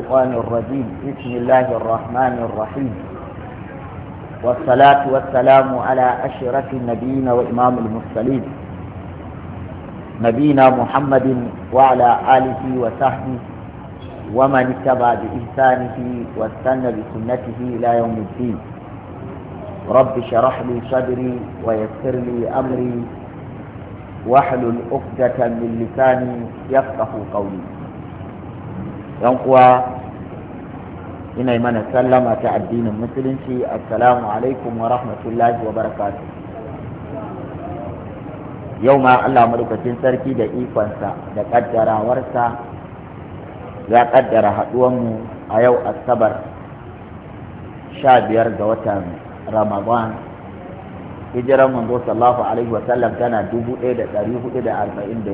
الشيطان الرجيم بسم الله الرحمن الرحيم والصلاة والسلام على أشرف النبيين وإمام المرسلين نبينا محمد وعلى آله وصحبه ومن اتبع بإحسانه واستنى بسنته إلى يوم الدين رب اشرح لي صدري ويسر لي أمري واحلل عقدة من لساني يفقه قولي yan kuwa ina mana sallama ta addinin musulunci assalamu alaikum wa rahmatullahi wa barakatu yau ma allah madaukakin sarki da ikonsa da kaddarawarsa ya kaddara haɗuwanmu a yau asabar sha biyar ga watan ramadan hijiran manzo sallallahu alaihi wa sallam tana dubu ɗaya da ɗari hudu da arba'in da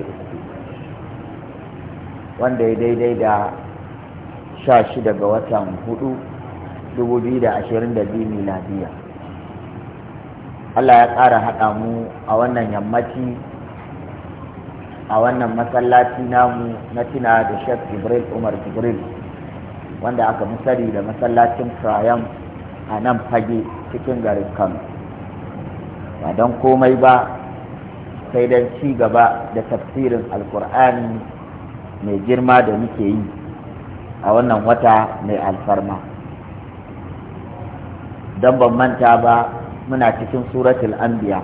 wanda ya daidai da shida ga watan hudu dubu biyu da da ashirin biyu miladiya Allah ya ƙara haɗa mu a wannan yammaci a wannan masallaci namu na tina da shek Jibril Umar Jibril wanda aka misali da masallacin kayan a nan fage cikin garin Kano ba don komai ba sai don ci gaba da tafsirin alkur'ani mai girma da muke yi a wannan wata mai alfarma don ban manta ba muna cikin suratul anbiya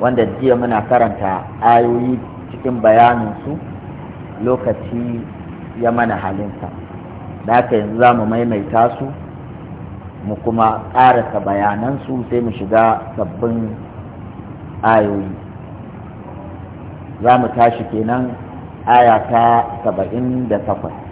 wanda jiya muna karanta ayoyi cikin bayaninsu lokaci ya mana halinsa da haka yanzu za mu maimaita su mu kuma ƙarasa bayanansu sai mu shiga sabbin ayoyi za mu tashi kenan aya ta saba'in da takwas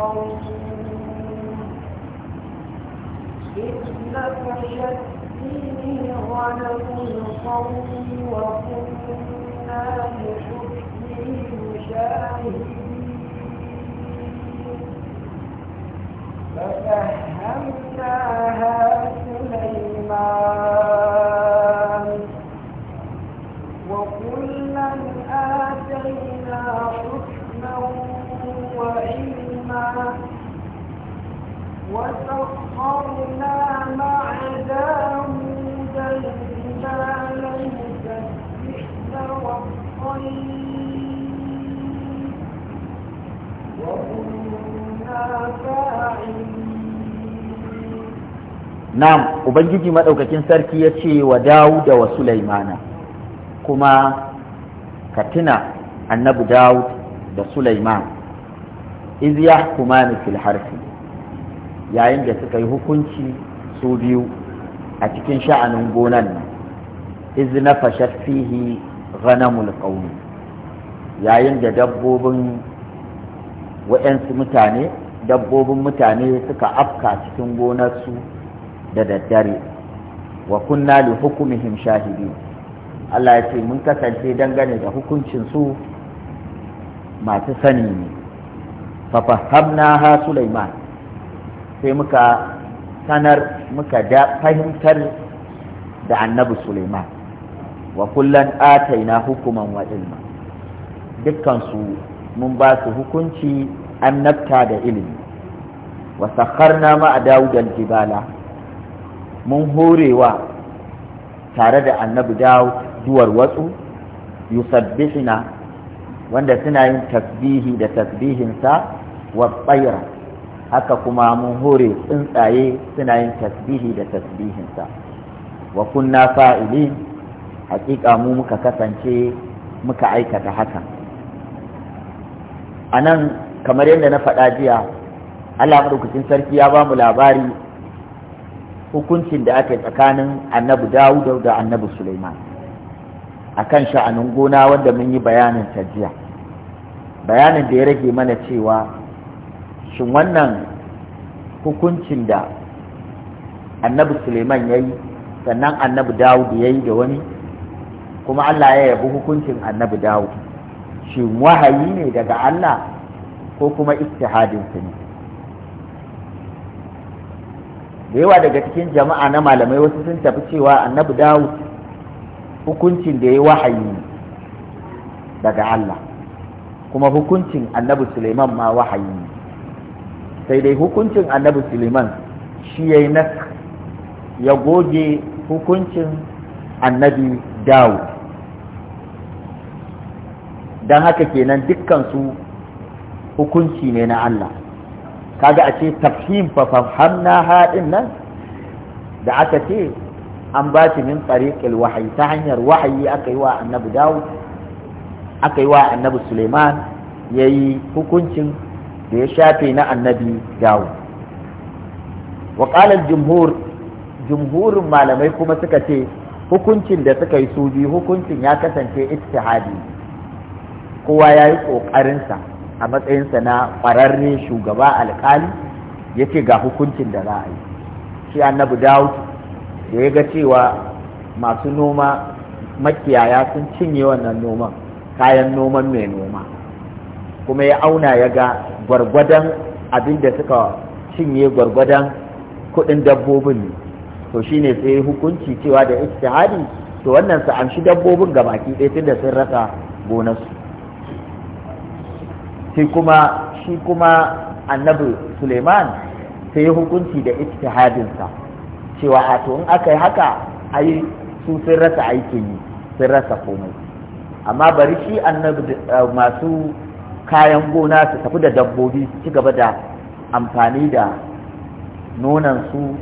القوم إنك شديد ولو القوم وكنا لحكمهم شاهدين ففهمناها سليمان وكلا آتينا حكما وعلما السماء وسخرنا مع داود الجبال يسبحن والطير وكنا فاعلين Na'am, Ubangiji maɗaukakin sarki ya ce wa Dawud da wa Sulaimana, kuma ka tuna annabi Dawud da Sulaiman iz yahkumani fil harfi yayin da suka yi hukunci su biyu a cikin sha'anin gonan nan iz fashar fihi ghanamul qawmi yayin da dabbobin wa'yansu mutane dabbobin mutane suka afka cikin gonarsu da daddare wa kunna li hukumihim shahidi Allah ya ce mun kasance dangane da hukuncin su masu sani ne fafahamnaha Sulaiman sai muka sanar muka da fahimtar da annabi Sulaiman wa kullan ataina hukuman wa ilma dukkansu mun ba su hukunci annabta da ilimi wa sakharna ma Dawud al-jibala mun horewa tare da annabi Dawud duwar watsu yusabbihina wanda suna yin tasbihi da tasbihinsa والطير haka kuma mun hore tsuntsaye suna yin tasbihi da tasbihinsa wa kunna fa'ili hakika mu muka kasance muka aikata hakan a nan kamar yadda na faɗa jiya allah sarki ya ba mu labari hukuncin da aka tsakanin annabi dawudu da annabi suleiman Akan kan sha'anin gona wanda mun yi bayanin ta jiya bayanin da ya rage mana cewa shin wannan hukuncin da annabi suleiman ya yi sannan annabi dawud ya yi da wani kuma allah ya yabi hukuncin annabi dawud shin wahayi ne daga allah ko kuma istihadinsa ne da yawa daga cikin jama'a na malamai wasu sun tafi cewa annabi dawud hukuncin da ya yi wahayi ne daga allah kuma hukuncin annabi suleiman ma wahayi ne sai dai hukuncin annabi suleiman shi ya yi ya goge hukuncin annabi dawud don haka kenan dukkansu hukunci ne na Allah kaga a ce tafhim fa na haɗin nan da aka ce an ba shi min tsariƙil wahayi ta hanyar wahayi aka yi wa annabi dawud aka yi wa annabi suleiman ya yi hukuncin da ya shafe na annabi dawo wa ƙalar jumhur jumhurin malamai kuma suka ce hukuncin da suka yi su biyu hukuncin ya kasance ittihadi kowa ya yi ƙoƙarinsa a matsayinsa na ƙwararre shugaba alƙali ya ce ga hukuncin da za a yi shi annabi dawo da ya ga cewa masu noma makiyaya sun cinye wannan noman kayan noman mai noma kuma ya auna ya ga gwargwadon abin da suka cinye gwargwadon kuɗin dabbobin ne to ne sai hukunci cewa da ijtihadi to wannan su amshi dabbobin ga baki ɗaya tunda sun rasa gonarsu sai kuma shi kuma annabi suleiman sai ya hukunci da ijtihadinsa cewa a to in aka yi haka ai su sun rasa aikin yi sun rasa komai amma bari shi annabi eh, masu kayan gona su tafi da dabbobi su ci gaba da amfani da nonansu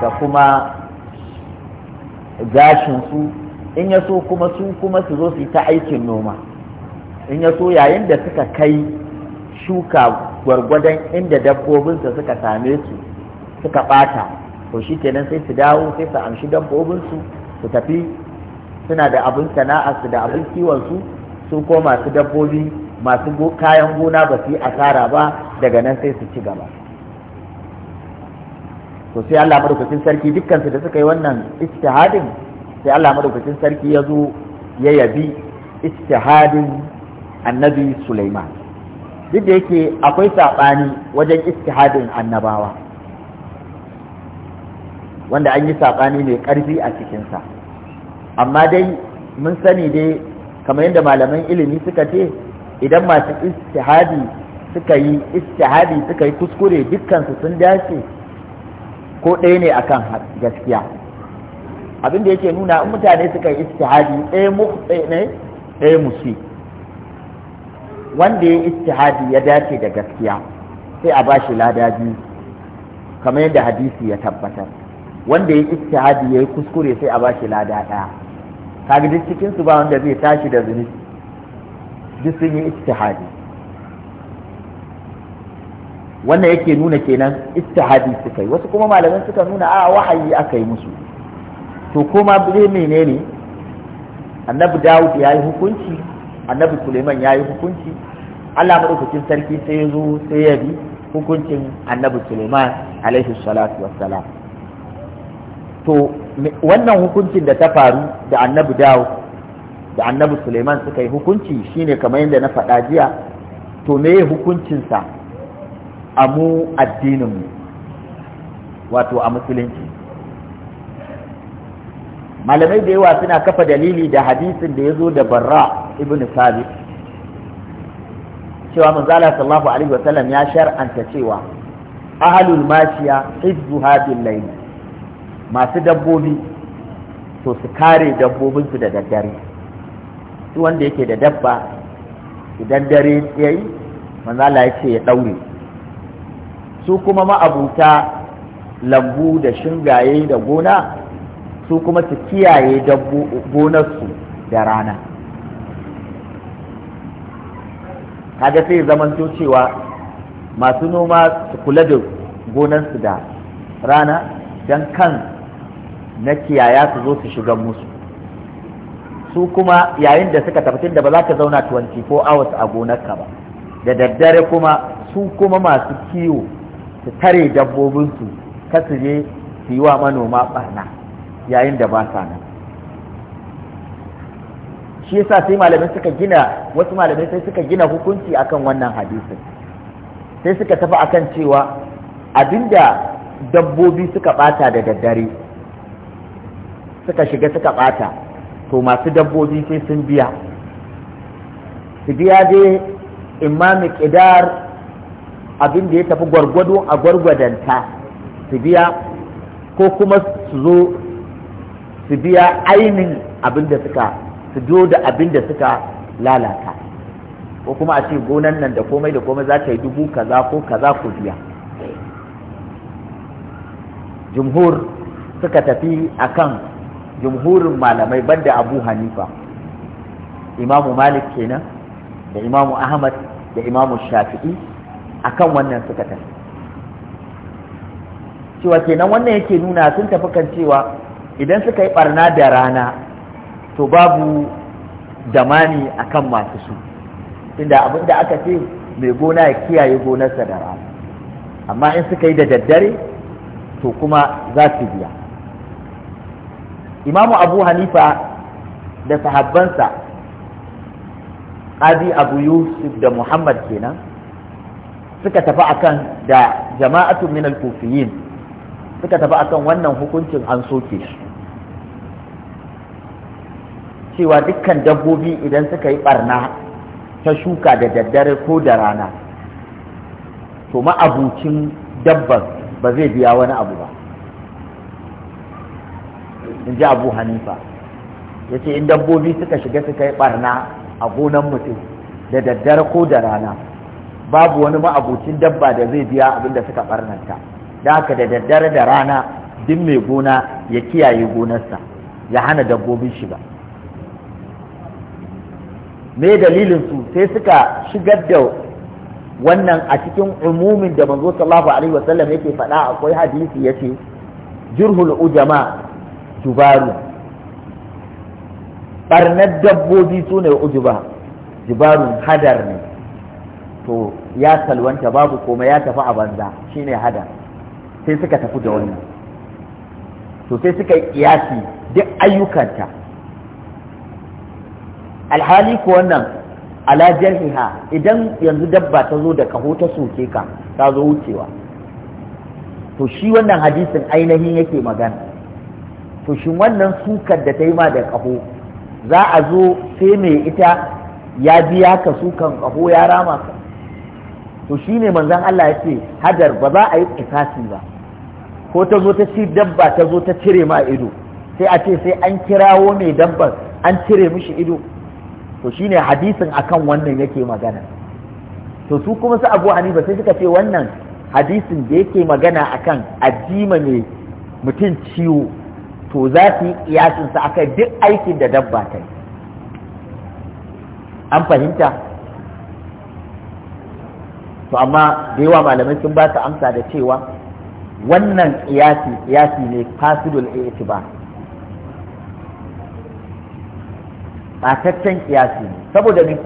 da kuma gashinsu in ya so kuma su kuma su zo su yi ta aikin noma in ya so yayin da suka kai shuka gwargwadon inda dabbobinsa suka same su suka ɓata to shi kenan sai su dawo sai su amshi dabbobinsu su tafi suna da abin su da abin su su ko masu dabbobi masu kayan gona ba su yi asara ba daga nan sai su ci gaba to sai Allah madaukakin sarki dukkan su da suka yi wannan istihadin sai Allah madaukakin sarki ya zo ya yabi istihadin annabi Sulaiman duk da yake akwai saɓani wajen istihadin annabawa wanda an yi saɓani mai ƙarfi a cikinsa amma dai mun sani dai kamar yadda malaman ilimi suka ce idan masu istihadi suka yi istihadi suka yi kuskure dukkansu sun dace ko ɗaya ne akan gaskiya abin da yake nuna in mutane suka yi istihadi ɗaya mu ne ɗaya musi wanda ya istihadi ya dace da gaskiya sai a bashi lada biyu kamar yadda hadisi ya tabbatar wanda ya istihadi ya yi kuskure sai a bashi lada ɗaya kaga duk cikin su ba wanda zai tashi da zunubi duk sun yi ijtihadi wannan yake nuna kenan ittihadi suka yi wasu kuma malaman suka nuna a wahayi aka yi musu to kuma bai menene annabi Dawud ya yi hukunci annabi Suleiman ya yi hukunci Allah maɗaukacin sarki sai ya zo sai ya bi hukuncin annabi Suleiman alaihi salatu wassalam to wannan hukuncin da ta faru da annabi Dawud da annabi suleiman suka yi hukunci shine kamar yadda na faɗa jiya to me hukuncinsa a mu addininmu wato a musulunci malamai da yawa suna kafa dalili da hadisin da ya zo da barra ibn sabit cewa manzala sallallahu alaihi wasallam ya shar'anta cewa ahalul mashiya hizbuha hadin masu dabbobi to su kare dabbobinsu da daddare duk wanda yake da dabba idan dare ya yi manzala ya ce ya ɗaure su kuma ma'abuta lambu da shingaye da gona su kuma su kiyaye gonarsu da rana kaga sai zamanto cewa masu noma su kula da gonarsu da rana don kan na kiyaya su zo su shiga musu su kuma yayin da suka tafi da ba za ka zauna 24 hours a gonarka ba da daddare kuma su kuma masu kiwo su tare dabbobinsu ka su je su yi wa manoma barna yayin da ba sa nan shi yasa sai malamai suka gina wasu malamai sai suka gina hukunci akan wannan hadisin sai suka tafi akan cewa abinda dabbobi suka bata da daddare suka shiga suka bata to masu dabbobi sai sun biya su biya dai imami ƙidar abin da ya tafi gwargwado a gwargwadanta su biya ko kuma su zo su biya ainin abin da suka su zo da abin da suka lalata ko kuma a ce gonan nan da komai da komai za ta yi dubu kaza ko kaza ku biya jumhur suka tafi akan jumhurin malamai banda abu hanifa imamu malik kenan da imamu ahmad da imamu shafi'i akan wannan suka tafi cewa kenan wannan yake nuna sun tafi kan cewa idan suka yi barna da rana to babu damani akan masu su inda abinda aka ce mai gona ya kiyaye gonarsa da rana amma in suka yi da daddare to kuma za su biya imamu abu hanifa da sahabbansa abi abu yusuf da muhammad kenan suka tafi akan da jama'atu min kufiyin suka tafi akan wannan hukuncin an soke shi cewa dukkan dabbobi idan suka yi barna ta shuka da daddare ko da rana to ma'abucin dabban ba zai biya wani abu ba in ji abu hanifa ya ce in dabbobi suka shiga suka yi barna a gonan mutum da daddare ko da rana babu wani ma'abucin dabba da zai biya abin da suka barnanta da haka da daddare da rana duk mai gona ya kiyaye gonarsa ya hana dabbobin shiga me dalilin su sai suka shigar da wannan a cikin umumin da manzo sallallahu alaihi wasallam yake faɗa akwai hadisi yace jurhul ujama jubaru barnar dabbobi su ne ujuba jibarun hadar ne to ya salwanta babu koma ya tafi a banza shine hadar sai suka tafi da wannan to sai suka yi kiyasi duk ayyukanta alhali ko wannan ala jarhiha idan yanzu dabba ta zo da kaho ta soke ka ta zo wucewa to shi wannan hadisin ainihin yake magana to shin wannan sukar da ta yi ma da ƙaho za a zo sai mai ita ya biya ka sukan ƙaho ya rama ka to shi ne manzan Allah ya ce hadar ba za a yi ƙasasi ba ko ta zo ta ci dabba ta zo ta cire ma ido sai a ce sai an kirawo mai dabbar an cire mishi ido to shi ne hadisin a kan wannan yake magana to su kuma su abu hanifa sai suka ce wannan hadisin da yake magana akan ajima mai mutum ciwo to za su yi kiyasinsa a duk aikin da dabba ta yi an fahimta to amma da yawa malamai sun ba su amsa da cewa wannan kiyasi kiyasi ne fasidul ba. ɓataccen kiyasi ne saboda ni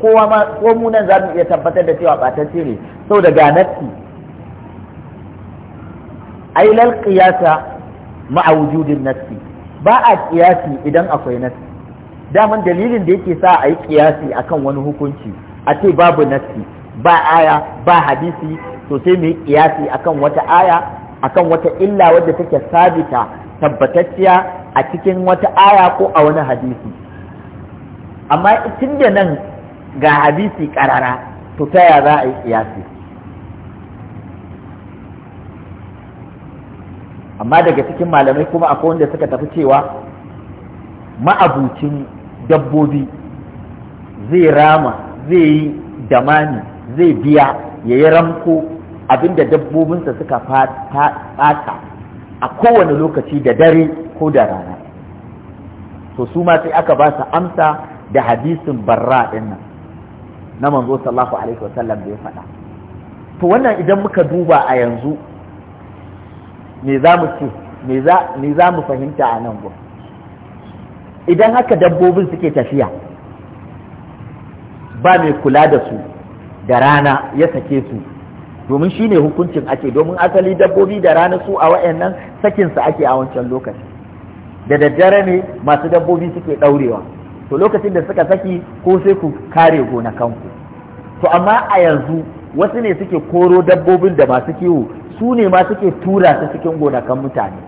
kowa ma ko mu nan za mu iya tabbatar da cewa ɓatacce ne saboda ganatti nassi ailal qiyasa ma'a wujudin nassi ba a kiyasi idan akwai nassi daman dalilin da yake sa a yi kiyasi akan wani hukunci a ce babu nassi ba aya ba hadisi to sai mu yi kiyasi akan wata aya akan wata illa wadda take sabita tabbatacciya a cikin wata aya ko a wani hadisi amma tun da nan ga hadisi karara to ta ya za a yi kiyasi amma daga cikin malamai kuma akwai wanda suka tafi cewa ma'abucin dabbobi zai rama zai yi damani zai biya ya yi ramko abinda dabbobinsa suka fata a kowane lokaci da dare ko da rana to su ma sai aka ba su amsa da hadisin barra ɗin nan na manzo sallallahu alaihi wasallam da ya faɗa to wannan idan muka duba a yanzu me za mu ce me za mu fahimta a nan gun idan haka dabbobin suke tafiya ba mai kula da su da rana ya sake su domin shi ne hukuncin ake domin asali dabbobi da rana su a wa'annan sakinsa ake a wancan lokaci da daddare ne masu dabbobi suke ɗaurewa to lokacin da suka saki ko sai ku kare gonakanku to amma a yanzu wasu ne suke koro dabbobin da masu kiwo su ne ma suke tura ta cikin gonakan mutane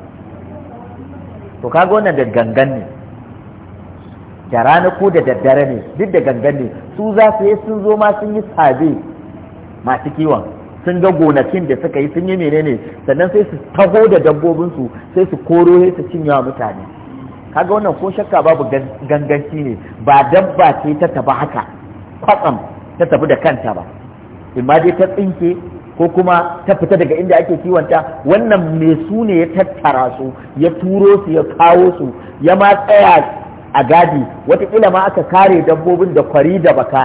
to kaga wannan da gangan ne da rana ko da daddare ne duk da gangan ne su za su yi sun zo ma sun yi sabe masu kiwon sun ga gonakin da suka yi sun yi menene sannan sai su taho da dabbobinsu sai su koro sai su cinye mutane kaga wannan ko shakka babu ganganci ne ba dabba ce ta taba haka kwatsam ta tafi da kanta ba imma dai ta tsinke ko kuma ta fita daga inda ake kiwonta wannan mai su ne ya tattara su ya turo su ya kawo su ya ma tsaya a gadi watakila ma aka kare dabbobin da kwari da baka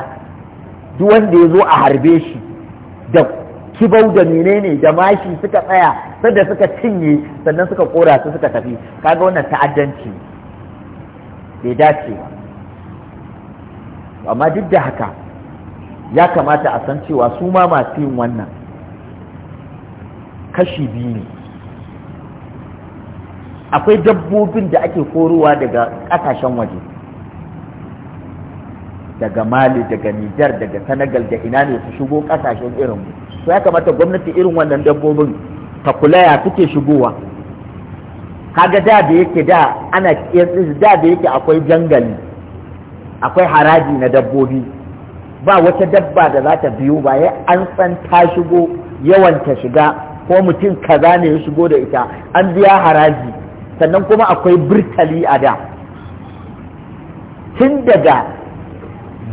duk wanda ya zo a harbe shi da kibau da menene da mashi suka tsaya sanda suka cinye sannan suka kora su suka tafi kaga wannan ta'addanci bai dace amma duk da haka ya kamata a san cewa su ma masu yin wannan kashi biyu ne akwai dabbobin da ake korowa daga ƙasashen waje daga mali daga nijar daga senegal da ina ne su shigo ƙasashen irin mu to ya kamata gwamnati irin wannan dabbobin ta kula ya suke shigowa kaga da da yake da ana da da yake akwai jangali akwai haraji na dabbobi ba wata dabba da za ta biyo ba ya an san ta shigo yawan ta shiga ko mutum kaza ne ya shigo da ita an biya haraji sannan kuma akwai birtali a da tun daga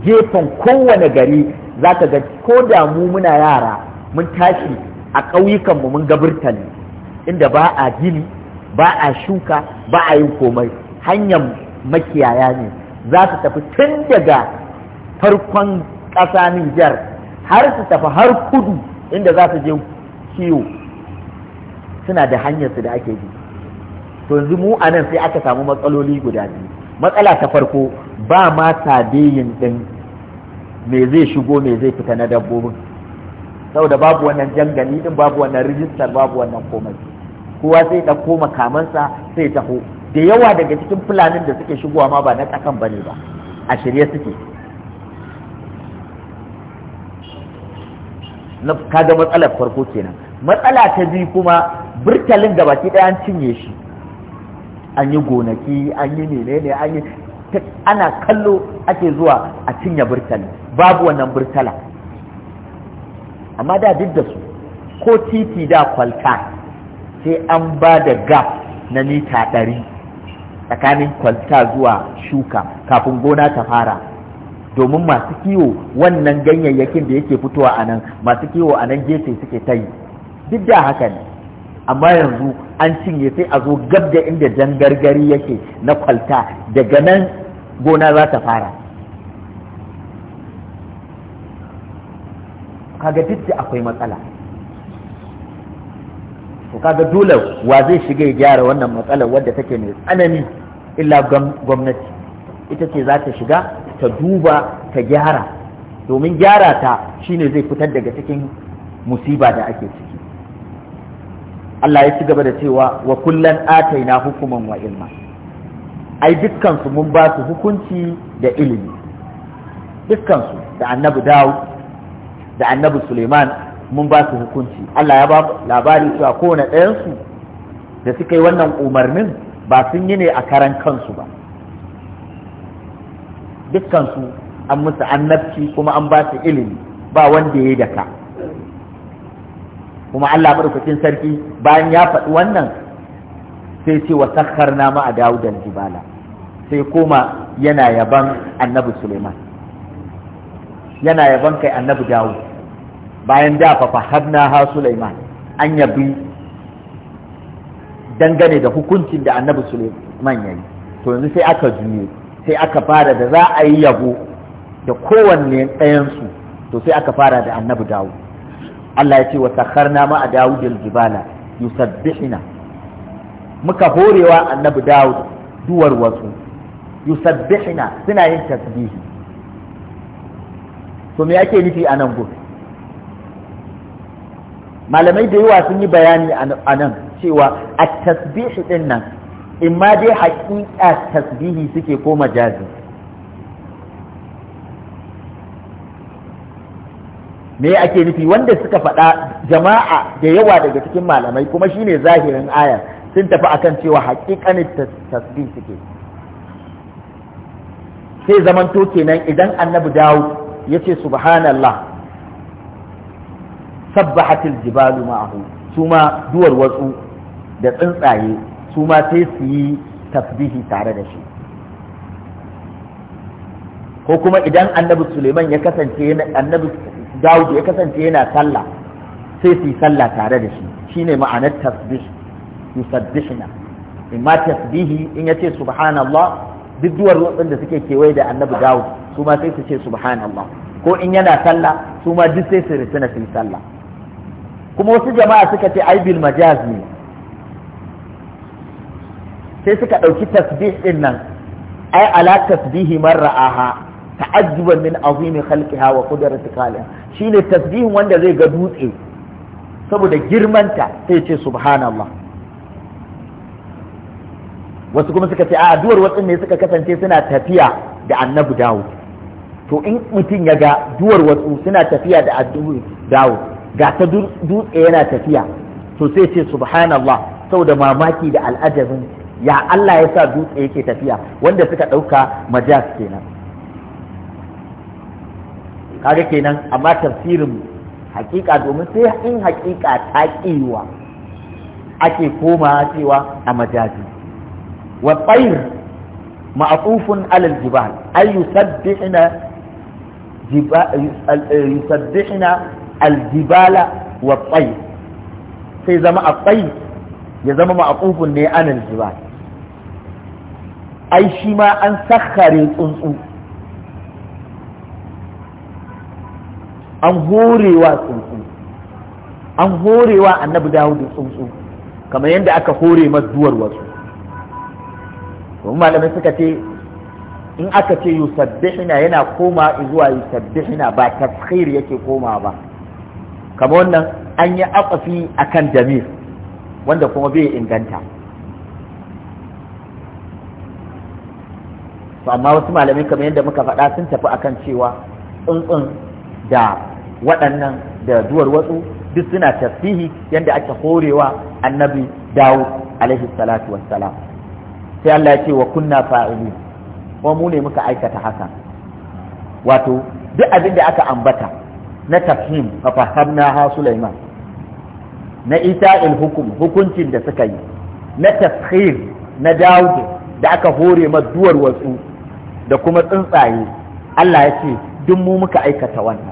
gefen kowane gari za ka ga ko da mu muna yara mun tashi a ƙauyukanmu mun ga birtali inda ba a gini ba a shuka ba a yin komai hanyar makiyaya ne za su tafi tun daga farkon ƙasa Nijar har su tafi har kudu inda za su je kiwo suna da hanyarsu da ake bi to yanzu mu a nan sai aka samu matsaloli guda biyu matsala ta farko ba ma sabeyin ɗin me zai shigo me zai fita na dabbobin saboda babu wannan jangali din babu wannan rijistar babu wannan komai kowa sai ya ɗauko makamansa sai taho da yawa daga cikin fulanin da suke shigowa ma ba na ƙasan bane ba a shirye suke kaga matsalar farko kenan matsala ta biyu kuma birtalin da baki ɗaya an cinye shi an yi gonaki an yi menene an yi ana kallo ake zuwa a cinye burtali babu wannan burtala amma da duk da su ko titi da kwalta sai an ba da gap na mita ɗari tsakanin kwalta zuwa shuka kafin gona ta fara domin masu kiwo wannan ganyayyakin da yake fitowa a nan masu kiwo a nan gefe suke ta yi duk da haka ne amma yanzu an cinye sai a zo gab da inda jan gargari yake na kwalta daga nan gona za ta fara kaga duk da akwai matsala to kaga dole wa zai shiga ya gyara wannan matsalar wadda take mai tsanani illa gwamnati ita ce za ta shiga ta duba ta gyara domin gyara ta shine zai fitar daga cikin musiba da ake ciki Allah ya ci gaba da cewa wa kullan ataina hukuman wa ilma ai dukkansu mun ba su hukunci da ilimi dukkansu da annabi Dawud da annabi Suleiman mun ba su hukunci Allah ya ba labari cewa kowane ɗayansu da suka yi wannan umarnin ba sun yi ne a karan kansu ba dukkansu an musu annabci kuma an ba su ilimi ba wanda ya yi da ka kuma Allah madaukakin sarki bayan ya faɗi wannan sai ce wa nama ma a dawudal jibala sai koma yana yaban annabi Suleiman yana yaban kai annabi Dawud bayan da fa fahadna ha Suleiman an yabi dangane da hukuncin da annabi Suleiman ya yi, to yanzu sai aka juye sai aka fara da za a yi yabo da kowanne ɗayansu to sai aka fara da annabi Dawud Allah ya ce wa sakharna ma a Dawud al-jibala yusabbihuna muka horewa annabi Dawud duwar wasu yusabbihuna suna yin tasbihi to me yake nufi anan nan malamai da yawa sun yi bayani a nan cewa a tasbihi din nan imma dai haƙiƙa tasbihi suke ko majazi me ake nufi wanda suka faɗa jama'a da yawa daga cikin malamai kuma shine zahirin aya sun tafi akan cewa haƙiƙanin tasbih suke sai zamanto kenan idan annabi dawo ya ce subhanallah sabbahatil jibalu ma'ahu su ma duwar watsu da tsuntsaye su ma sai su yi tasbihi tare da shi ko kuma idan annabi suleiman ya kasance annabi dawud ya kasance yana sallah sai su yi sallah tare da shi shine ma'anar tasbih yusabbihna imma tasbihi in yace subhanallah duk duwar rotsin da suke kewaye da annabi dawud su ma sai su ce subhanallah ko in yana sallah su ma duk sai su risina su yi sallah kuma wasu jama'a suka ce ai bil majaz ne sai suka ɗauki tasbih din nan ai ala tasbihi man ra'aha ta'ajjuban min azimi khalqiha wa qudrati khaliha shine tasbihin wanda zai ga dutse saboda girmanta sai ce subhanallah wasu kuma suka ce a duwar watsin ne suka kasance suna tafiya da annabi dawud to in mutum ya ga duwar wasu suna tafiya da addu'ar dawud ga ta dutse yana tafiya to sai ce subhanallah saboda mamaki da al'ajabin ya Allah ya sa dutse yake tafiya wanda suka ɗauka majas kenan kaga kenan amma tafsirin hakika domin sai in hakika ta kiwa ake koma cewa a majazi wa tsayir ma'atufun alal jibal ay yusabbihna yusabbihna aljibala wa tsayir sai zama a tsayir ya zama ma'atufun ne anal jibal ai shi ma an sakkare tsuntsu an horewa tsuntsu an horewa annabi dawud tsuntsu kamar yadda aka hore duwar wasu domin malamai suka ce in aka ce yusabbihina yana koma zuwa yusabbihina ba tafkhir yake koma ba kamar wannan an yi akafi akan damir wanda kuma bai inganta amma wasu malamai kamar yadda muka faɗa sun tafi akan cewa tsuntsun da waɗannan da duwar watsu duk suna tasbihi yadda ake horewa annabi dawud alaihi salatu wassalam sai Allah ya ce wa kunna fa'ili ko mu ne muka aikata haka wato duk abin da aka ambata na tafhim fa fahamna ha Sulaiman na ita'il hukum hukuncin da suka yi na tafhir na Dawud da aka hore ma duwar wasu da kuma tsuntsaye Allah ya ce duk mu muka aikata wannan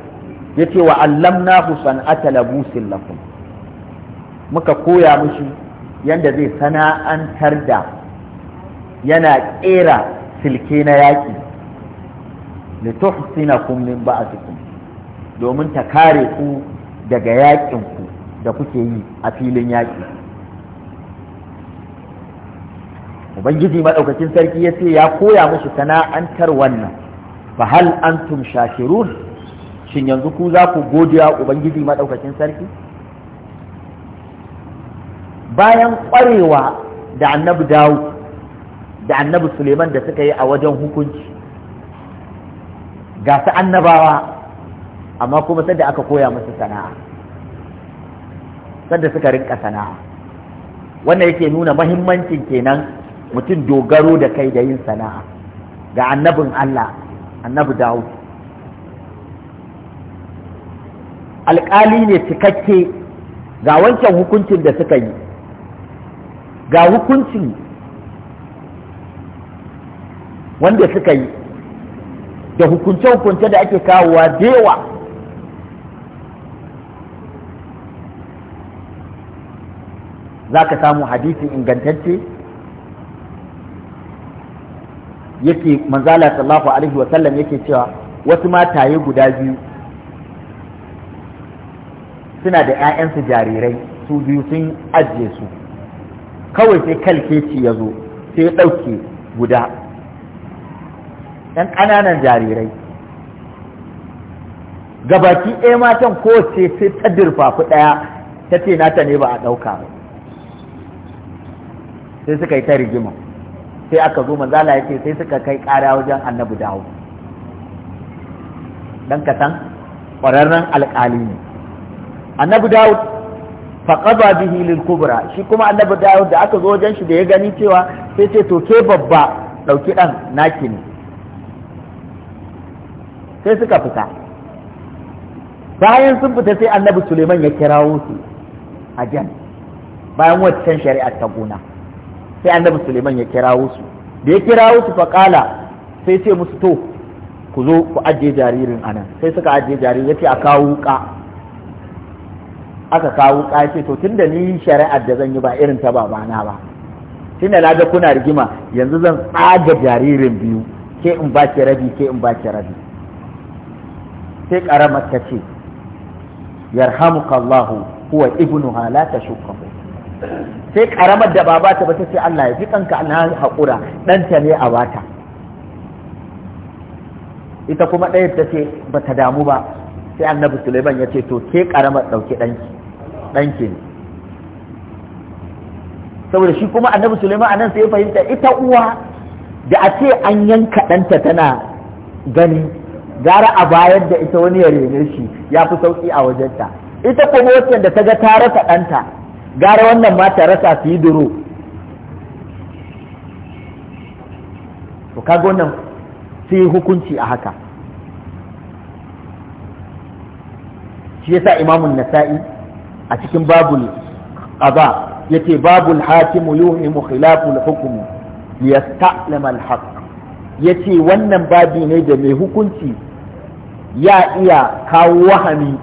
yace wa allamnahu san'ata labusin lakum muka koya mushi yadda zai sana'antar da yana ƙera silke na yaƙi kun min ba'atikum domin ta kare ku daga yaƙin ku da kuke yi a filin yaƙi ubangiji maɗaukacin sarki ya ce ya koya mushi sana'antar wannan fa hal antum shakirun shin yanzu ku za ku godiya ubangiji maɗaukakin sarki bayan ƙwarewa da annabi dawud da annabi suleiman da suka yi a wajen hukunci ga su annabawa amma kuma sadda aka koya musu sana'a sadda suka rinka sana'a wannan yake nuna mahimmancin kenan mutum dogaro da kai da yin sana'a ga annabin allah annabi dawud alƙali ne cikakke ga wancan hukuncin da suka yi ga hukuncin wanda suka yi da hukunce-hukunce da ake kawowa dewa za ka samu hadisi ingantacce yake manzala sallallahu alaihi wasallam yake cewa wasu mataye guda biyu suna da 'ya'yansu jarirai su biyu sun ajiye su kawai sai kalkeci ya zo sai ya ɗauke guda ɗan ƙananan jarirai gabaki ɗaya matan kowace sai ta durfafi ɗaya ta ce nata ne ba a ɗauka ba sai suka yi ta rigima sai aka zo manzala yake sai suka kai ƙara wajen annabi dawo don ka san ƙwararren alƙali ne annabi dawud faqaba bihi lil kubra shi kuma annabi dawud da aka zo wajen shi da ya gani cewa sai ce to ke babba dauki dan naki ne sai suka fita bayan sun fita sai annabi suleiman ya kirawo su a jan bayan waccan shari'ar ta gona sai annabi suleiman ya kirawo su da ya kirawo su faqala sai ce musu to ku zo ku ajiye jaririn anan sai suka ajiye jaririn yace a kawo wuka aka kawo kashi to tunda ni shari'ar da zan yi ba irin ta babana ba tunda na ga kuna rigima yanzu zan tsaga jaririn biyu ke in ba ki rabi ke in ba ki rabi sai karamar ta ce yarhamuka Allahu huwa Ibnu la tashukkahu sai karamar da babata ba ta ce Allah ya fi kanka na haƙura ɗanta ne a bata ita kuma ɗaya ta ce ba ta damu ba sai annabi Suleiman ya ce to ke karamar ɗauki ɗanki ɗanki ne saboda shi kuma annabi suleiman a nan sai ya fahimta ita uwa da a ce an yanka ɗanta tana gani gara a bayar da ita wani ya rene shi ya fi sauƙi a wajenta ita kuma wacce da ta ga ta rasa ɗanta gara wannan ma ta rasa su yi duro kaga wannan sai hukunci a haka shi yasa imamun nasa'i a cikin babul qada yace babul hakim yuhimu khilaful hukm liyasta'lama al-haq yace wannan babi ne da mai hukunci ya iya kawo wahami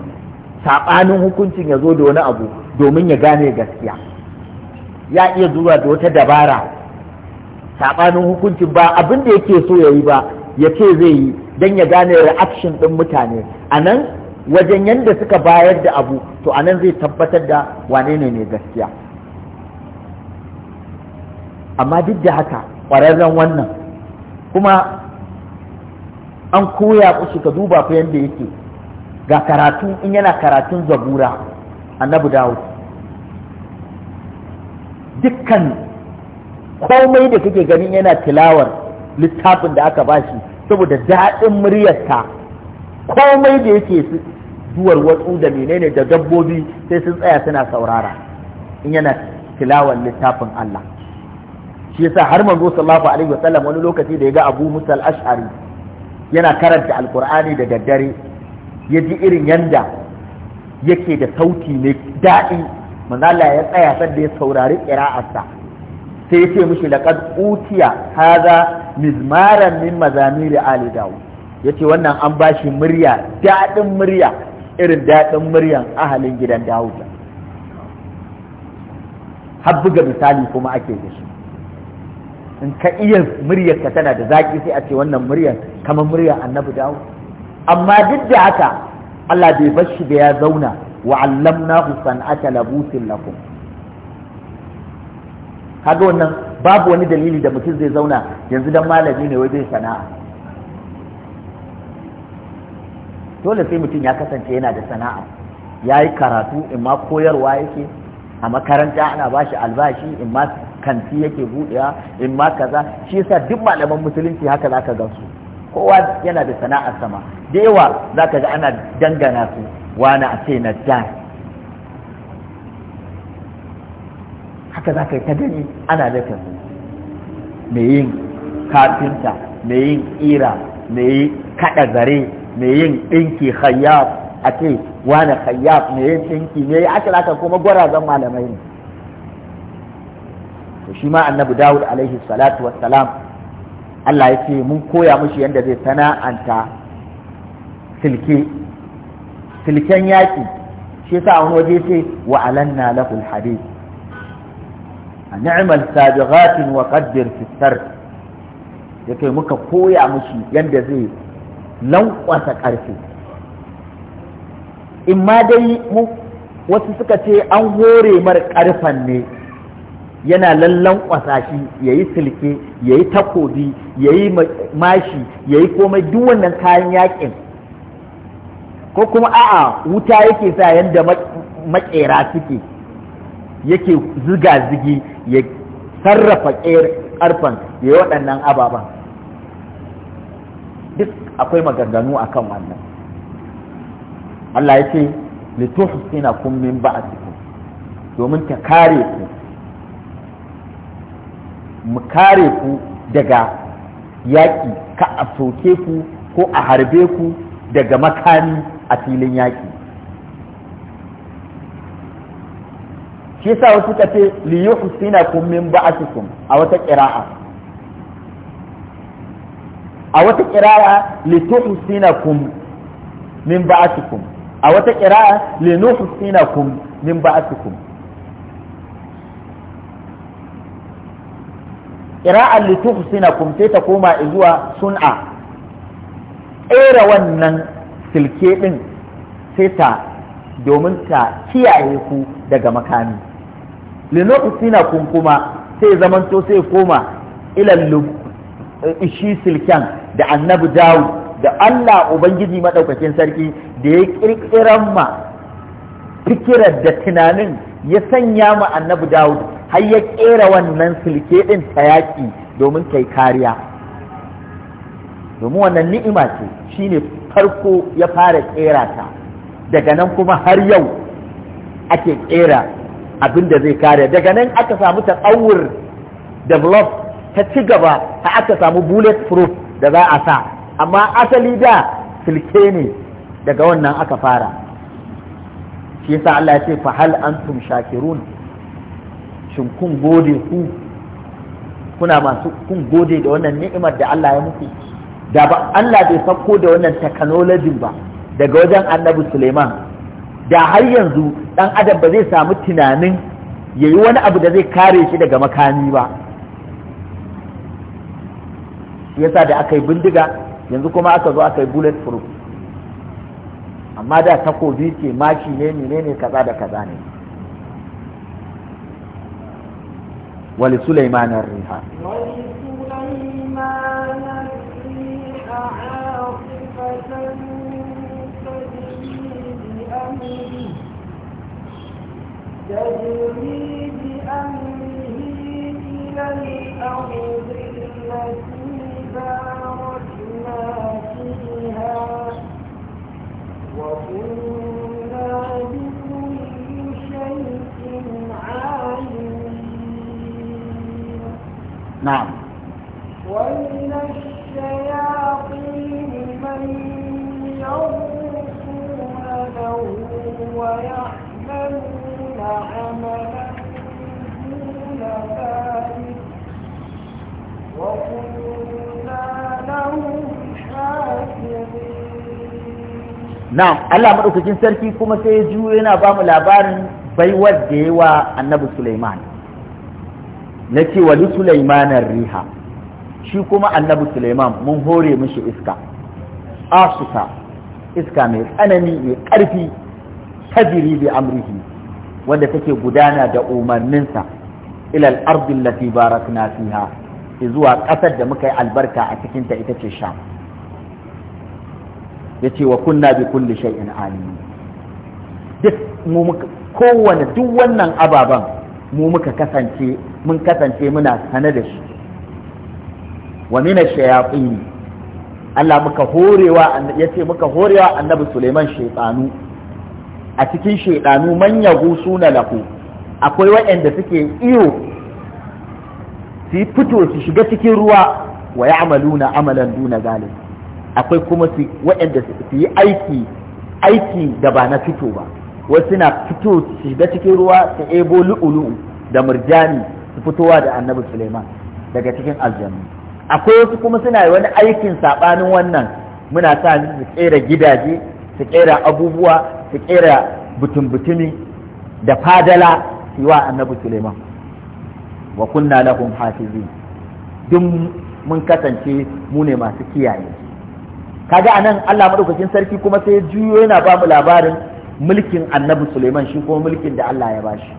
saɓanin hukuncin ya zo da wani abu domin ya gane gaskiya ya iya zuwa da wata dabara saɓanin hukuncin ba abin da yake so ya yi ba ya ce zai yi don ya gane reaction ɗin mutane a nan wajen yadda suka bayar da abu to anan zai tabbatar da wane ne mai gaskiya amma duk da haka ƙwararren wannan kuma an koya kusa ka duba ku yadda yake ga karatu in yana karatun zabura annabi dawud dukkan komai da kake ganin yana tilawar littafin da aka bashi saboda daɗin muryarta komai da yake duwar watsu da menene da dabbobi sai sun tsaya suna saurara in yana tilawan littafin Allah shi yasa har manzo sallallahu alaihi wasallam wani lokaci da ya ga Abu Musa al-Ash'ari yana karanta alkur'ani da daddare ya ji irin yanda yake da sauti mai daɗi manzala ya tsaya sadda ya saurari ƙira'arsa sai ya ce mishi laqad utiya haza mizmaran min mazamiri ali dawud yace wannan an bashi murya daɗin murya irin daɗin muryan ahalin gidan dawuda har buga misali kuma ake da shi in ka iya muryar ka tana da zaƙi sai a ce wannan muryar kamar muryar annabi dawud amma duk da haka Allah bai bar shi da ya zauna wa allamnahu san'ata labutin lakum kaga wannan babu wani dalili da mutum zai zauna yanzu dan malami ne wai zai sana'a dole sai mutum ya kasance yana da sana'a ya yi karatu in ma koyarwa yake a makaranta ana ba shi albashi in ma kanti yake buɗewa in ma kaza shi yasa duk malaman musulunci haka za ka ga su kowa yana da sana'ar sama da yawa za ka ga ana dangana su wani a ce na da haka za ka yi ta gani ana da su me yin kafinta me yin ƙira me kaɗa zare mai yin ɗinki khayyab a ce wani khayyab mai yin ɗinki mai yi aka kuma gwarazan malamai ne to shi ma annabi dawud alaihi salatu wassalam Allah ya ce mun koya mushi yadda zai sana'anta silke silken yaƙi shi sa wani waje ce wa alanna lahul hadid a ni'mal sabighatin wa qaddir fi yake muka koya mushi yadda zai Lanƙwasa ƙarfi in ma dai mu wasu suka ce an hore mar ƙarfan ne yana lallan shi ya yi silke ya yi takobi ya yi mashi ya yi komai duk wannan kayan yakin ko kuma a'a wuta yake sa yadda makera suke yake ziga zigi ya sarrafa ƙarfan ya yi waɗannan ababen duk akwai maganganu kan wannan Allah ya ce kummin kun min cikin, domin ta kare ku mu kare ku daga yaƙi ka a soke ku ko a harbe ku daga makami a filin yaƙi shi yasa wasu liyu liyuhsina kun min cikin a wata ƙira'a a wata qira'a kum min ba'atikum a wata qira'a kum min ba'atikum qira'an kum sai ta koma zuwa sun'a tsere wannan silke din sai ta domin ta kiyaye ku daga makami kum kuma sai zamanto sai koma ilal shi silken da annabi dawud da allah ubangiji maɗaukakin sarki da ya ƙirƙiran ma fikirar da tunanin ya sanya ma annabi dawud har ya ƙera wannan silke ɗin ta yaƙi domin kai kariya domin wannan ni'ima ce shine farko ya fara ƙera ta daga nan kuma har yau ake ƙera abin da zai kare daga nan aka samu tasawur develop ta ci gaba a aka samu bullet proof da za a sa amma asali da silke ne daga wannan aka fara shi yasa Allah ya ce fa hal antum shakirun shin kun gode ku kuna masu kun gode da wannan ni'imar da Allah ya muku da ba Allah bai sako da wannan technology ba daga wajen Annabi Suleiman da har yanzu dan adam ba zai samu tunanin yayi wani abu da zai kare shi daga makami ba shi yasa da aka yi bindiga yanzu kuma aka zo aka yi bullet proof amma da takobi ce mashi ne ne ne kaza da kaza ne wali sulaiman riha تجري بأمره إلى الأرض التي باركنا فيها وكنا بكل نعم وإلى الشياطين من يغوصون له ويحملون عملا دون ذلك Na'am, Allah maɗaukakin sarki kuma sai ya juyo yana ba mu labarin baiwar da yawa annabi Sulaiman. Na ce wa Sulaimanar riha, shi kuma annabi Sulaiman mun hore mishi iska, Asuka, iska mai tsanani mai ƙarfi, tajiri bi amrihi, wanda take gudana da umarninsa, ilal ardin lati barakna fiha zuwa ƙasar da muka yi albarka a cikinta ita ce sham ya ce wa kunna bi kulli shay'in alimi duk mu kowane duk wannan ababen mu muka kasance mun kasance muna sane da shi wa mina shayatin Allah muka horewa yace muka horewa annabi Suleiman shaytanu a cikin shaytanu man yagu suna lahu akwai waɗanda suke iyo su yi fito su shiga cikin ruwa wa na amalan duna zalim akwai kuma su waɗanda su yi aiki aiki da ba na fito ba wasu na fito su shiga cikin ruwa su ebo lu'ulu'u da murjani su fitowa da annabi suleiman daga cikin aljannu akwai wasu kuma suna yi wani aikin saɓanin wannan muna sa su kera gidaje su kera abubuwa su kera butun-butumi da fadala su yi wa annabi suleiman wa kunna lahum hafizin duk mun kasance mu ne masu kiyaye kaga anan Allah madaukakin sarki kuma sai juyo yana ba mu labarin mulkin Annabi Suleiman shi kuma mulkin da Allah ya bashi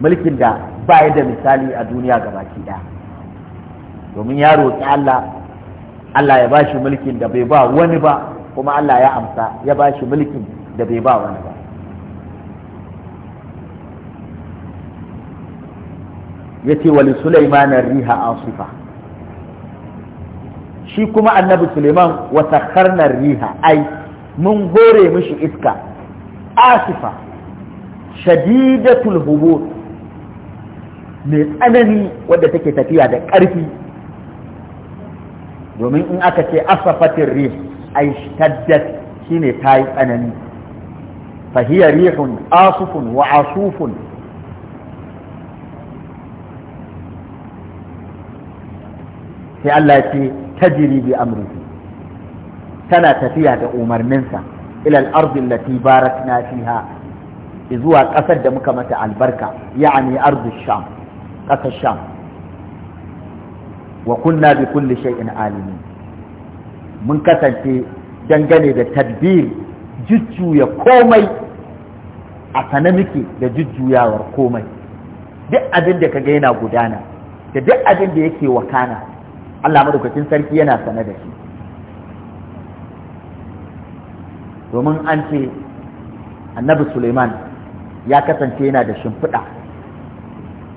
mulkin da ba ya da misali a duniya gabaki ɗaya domin ya roƙi Allah Allah ya bashi mulkin da bai ba wani ba kuma Allah ya amsa ya bashi mulkin da bai ba wani ba yace wa sulaiman riha asifa shi kuma annabi suleiman wa sakharna riha ai mun gore mishi iska asifa shadidatul hubut mai tsanani wadda take tafiya da ƙarfi domin in aka ce asafatin rih ai shaddat shine ta yi tsanani fahiyar rihun asufun wa asufun sai Allah ya ce ta bi amrihi tana tafiya da umarninsa ilal ardi allati barakna fiha zuwa ƙasar da muka mata albarka ya'ani ardu sham ƙasar sham wa kunna bi kulli shay'in alimi mun kasance dangane da tadbir jujjuya komai a sana muke da jujjuyawar komai duk abin da kaga yana gudana da duk abin da yake wakana Allah madaukakin sarki yana sane da shi domin an ce annabi Suleiman ya kasance yana da shimfiɗa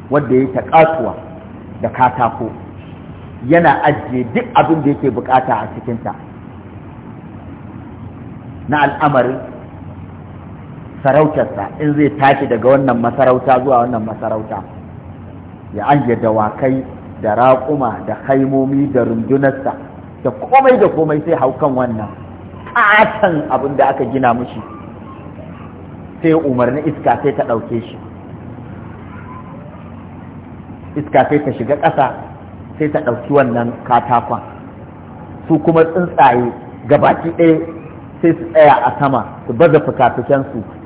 wanda ya ta da katako yana ajiye duk abin da yake bukata a cikinta na al'amarin sarautarsa in zai tashi daga wannan masarauta zuwa wannan masarauta ya ajiye dawakai da raƙuma da haimomi da rundunarsa da komai da komai sai hau kan wannan ƙatan abin da aka gina mushi sai umarni iska sai ta ɗauke shi iska sai ta shiga ƙasa sai ta ɗauki wannan katakon su kuma tsuntsaye gabaki ɗaya sai su tsaya a sama su baza fuka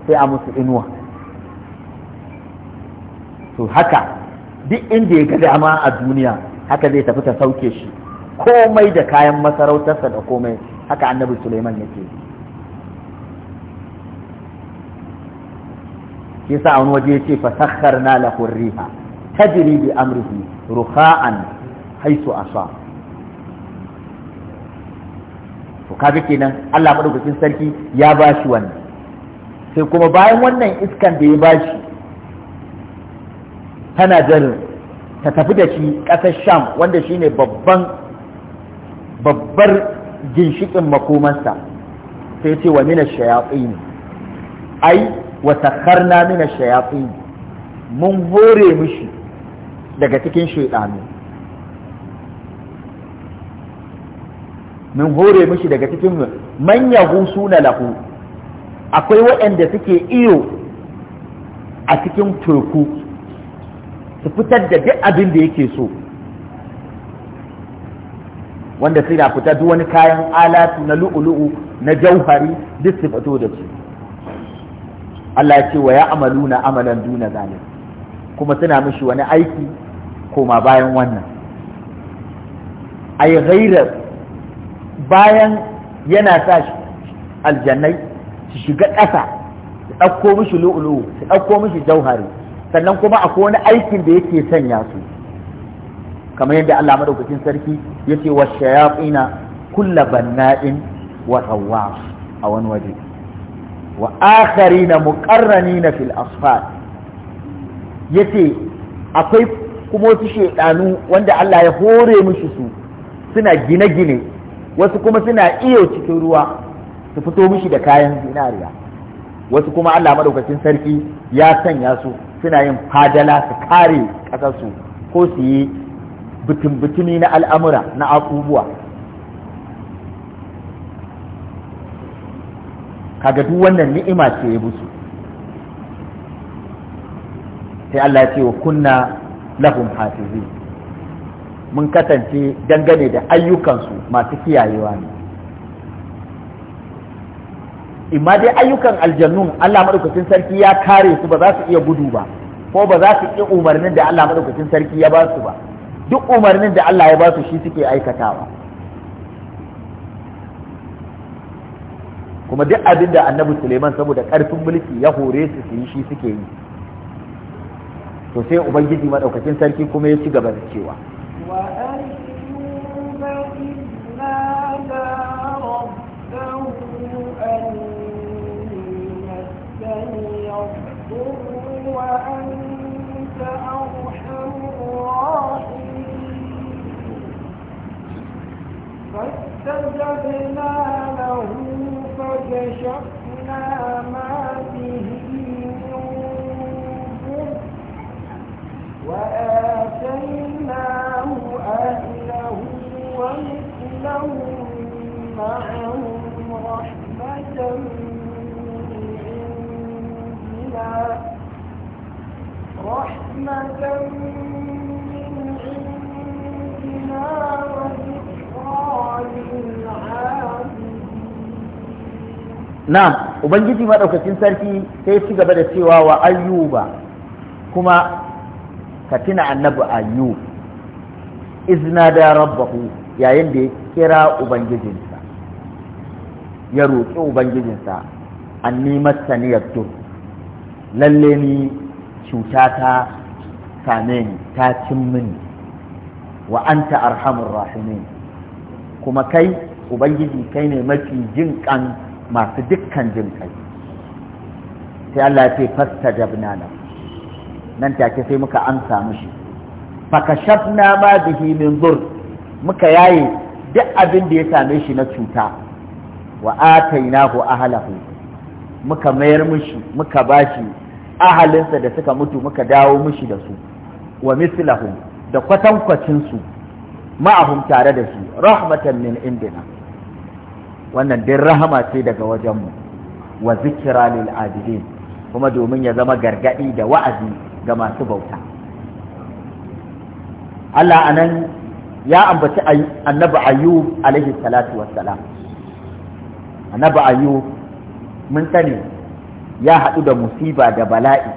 sai a musu inuwa to haka duk inda ya ga dama a duniya haka zai tafi ta sauke shi komai da kayan masarautarsa da komai haka annabi Suleiman yake Ke sa wani waje yace fa na lahu riha tajri bi amrihi rukha'an haisu asa to kaga kenan Allah madaukakin sarki ya bashi wannan sai kuma bayan wannan iskan da ya bashi tana jarin ta tafi da shi ƙasar sham wanda ne babban babbar ginshikin makomansa sai ce wa mina shayatsin ai wa sakharna mina shayatsin mun hore mishi daga cikin shaidanu mun hore mishi daga cikin manya husu na lahu akwai waɗanda suke iyo a cikin teku su fitar da duk abin da yake so wanda sai da fita duk wani kayan alatu na lu'ulu'u na jauhari duk su fito da su Allah ya ce wa ya'maluna amalan duna zalim kuma suna mishi wani aiki koma bayan wannan ay ghaira bayan yana sa aljannai su shiga ƙasa su ɗauko mishi lu'ulu'u su ɗauko mishi jauhari sannan kuma akwai wani aikin da yake sanya su kamar yadda Allah madaukakin sarki yace wa shayatina kulla banna'in wa tawwaf a wani waje wa akharina muqarranina fil asfal yace akwai kuma wasu shedanu wanda Allah ya hore musu su suna gine-gine wasu kuma suna iyo cikin ruwa su fito mishi da kayan zinariya wasu kuma Allah madaukakin sarki ya sanya su suna yin fadala su kare ƙasarsu ko su yi bitin-bitini na al'amura na abubuwa kaga duk wannan ni'ima ce ya busu sai Allah ya ce wa kunna lahum hafizi mun kasance dangane da ayyukansu masu kiyayewa ne imma dai ayyukan aljannun Allah madaukakin sarki ya kare su ba za su iya gudu ba ko ba za su iya umarnin da Allah madaukakin sarki ya ba su ba duk umarnin da Allah ya ba su shi suke aikatawa kuma duk abin da annabi Suleiman saboda karfin mulki ya hore su su yi shi suke yi to sai ubangiji madaukakin sarki kuma ya ci gaba da cewa فاستجبنا له فكشفنا ما به وآتيناه أهله ومثلهم معهم رحمة من عندنا رحمة من na ubangiji maɗaukacin sarki sai ci gaba da cewa wa ayyuba kuma ka tuna annabi ayyub izna da rabbahu yayin da ya kira ubangijinsa ya roƙi ubangijinsa an nimar saniyar tur lalle ni cuta ta same ni ta cin mini wa anta arhamur rahimin kuma kai ubangiji kai ne mafi jin kan masu dukkan jin kai sai Allah ya ce jabna na nan take sai muka amsa mushi, faka shafna ma bihi min dur muka yaye duk abin da ya same shi na cuta wa atainahu ahlahu muka mayar mushi, muka bashi ahalinsa da suka mutu muka dawo mushi da su wa mislahum da kwatankwacin su ma'ahum tare da shi rahmatan min indina wannan din rahama ce daga wajenmu wa zikira lil abidin kuma domin ya zama gargadi da wa'azi ga masu bauta Allah anan ya ambaci annabi ayyub alaihi salatu wassalam annabi ayyub mun sani ya haɗu da musiba da bala'i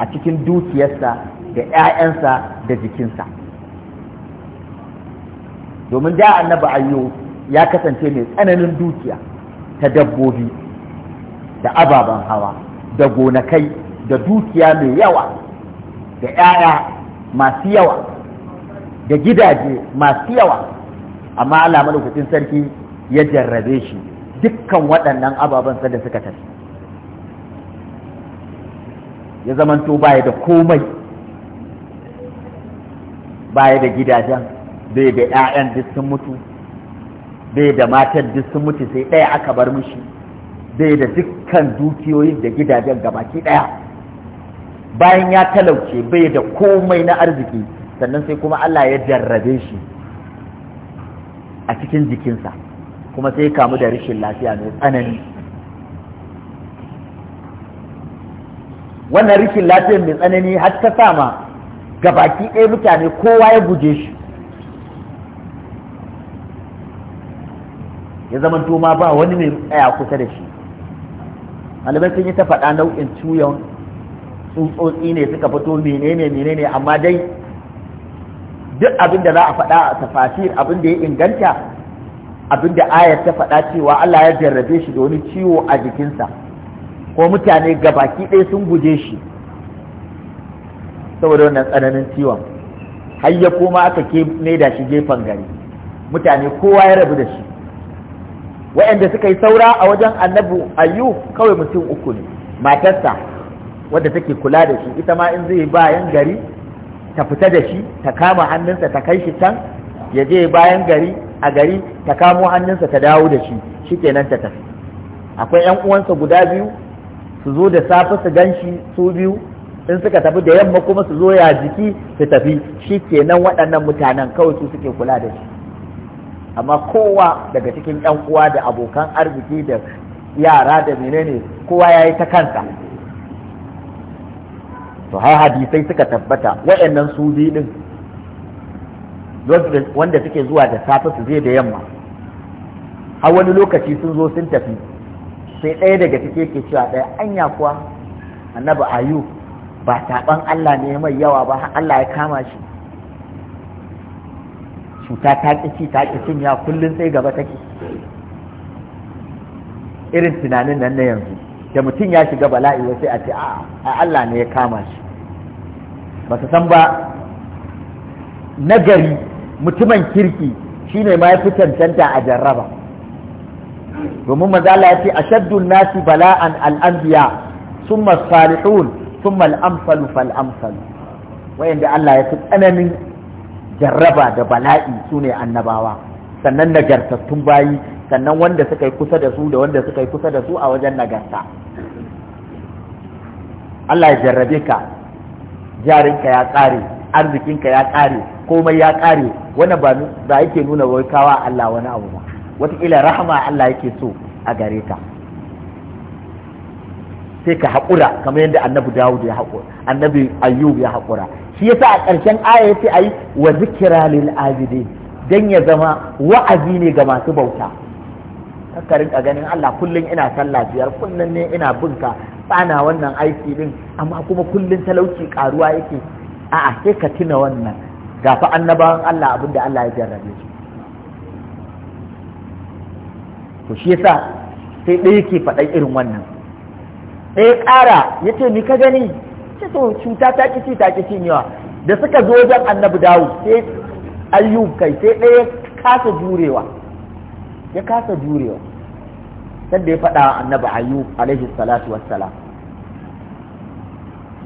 a cikin dukiyarsa da 'ya'yansa da jikinsa domin da annabi ayyub ya kasance mai tsananin dukiya ta dabbobi da ababen hawa da gonakai da dukiya mai yawa da 'ya'ya masu yawa da gidaje masu yawa amma Allah malaukakin sarki ya jarrabe shi dukkan waɗannan ababen da suka tafi ya zamanto baya da komai baya da gidajen bai da 'ya'yan duk sun mutu bai da matar duk sun mutu sai ɗaya aka bar mishi bai da dukkan dukiyoyin da gidajen gabaki ɗaya bayan ya talauce bai da komai na arziki sannan sai kuma Allah ya jarrabe shi a cikin jikinsa kuma sai ya kamu da rashin lafiya mai tsanani wannan rashin lafiya mai tsanani har ta sama baki ɗaya mutane kowa ya guje shi ya zama ma ba wani mai tsaya kusa da shi malamai sun yi ta faɗa nau'in cuyon tsutsotsi ne suka fito menene menene amma dai duk abin da za a faɗa a tafasir abin da ya inganta abin da ayar ta faɗa cewa Allah ya jarrabe shi da wani ciwo a jikinsa ko mutane gabaki ɗaya sun guje shi saboda wannan tsananin ciwon har ya koma aka ke da shi gefen gari mutane kowa ya rabu da shi waɗanda suka yi saura a wajen annabi ayyu kawai mutum uku ne matarsa wadda take kula da shi ita ma in zai bayan gari ta fita da shi ta kama hannunsa ta kai shi can ya je bayan gari a gari ta kamo hannunsa ta dawo da shi shi kenan ta tafi akwai yan uwansa guda biyu su zo da safe su ganshi su biyu in suka tafi da yamma kuma su zo ya jiki su tafi shi kenan waɗannan mutanen kawai su suke kula da shi amma kowa daga cikin yan uwa da abokan arziki da yara da menene kowa ya yi ta kansa to har hadisai suka tabbata waɗannan su bi din wanda suke zuwa da safe su je da yamma har wani lokaci sun zo sun tafi sai ɗaya daga cike ke cewa ɗaya anya kuwa annabi ayu ba taɓan Allah ne mai yawa ba Allah ya kama shi cuta ta ci, ta ƙicin ya kullum sai gaba take irin tunanin nan na yanzu da mutum ya shiga bala'i wasu a ce a Allah ne ya kama shi ba su san ba nagari mutumin kirki shine ma ya fi cancanta a jarraba domin mazala ya ce a shaddun nasi bala'an al'ambiya sun masu salihun sun mal'amsalu fal'amsalu wayanda Allah ya fi tsananin jarraba da bala'i su ne annabawa sannan nagartattun bayi sannan wanda suka yi kusa da su da wanda suka yi kusa da su a wajen nagarta Allah ya jarrabe ka jarinka ya ƙare arzikinka ya ƙare komai ya ƙare wani ba yake nuna wai kawa Allah wani abu ba wataƙila rahama Allah yake so a gare ka sai ka haƙura kamar yadda annabi dawud ya haƙura annabi ayyub ya haƙura shi yasa a ƙarshen aya yace ai wa zikra lil abidin dan ya zama wa'azi ne ga masu bauta ka rinka ganin Allah kullun ina sallah biyar kullun ne ina binka tsana wannan aiki din amma kuma kullun talauci karuwa yake a'a sai ka tuna wannan gafa annabawan Allah abinda Allah ya jarrabe su to shi yasa sai ɗaya ke faɗan irin wannan sai eh, ya ƙara ya ce ni ka gani ce to cuta ta kici ta kici yawa da suka zo wajen annabi dawo sai ayyub kai sai ɗaya kasa jurewa ya kasa jurewa sanda ya faɗa annabi ayyub alaihi salatu wassalam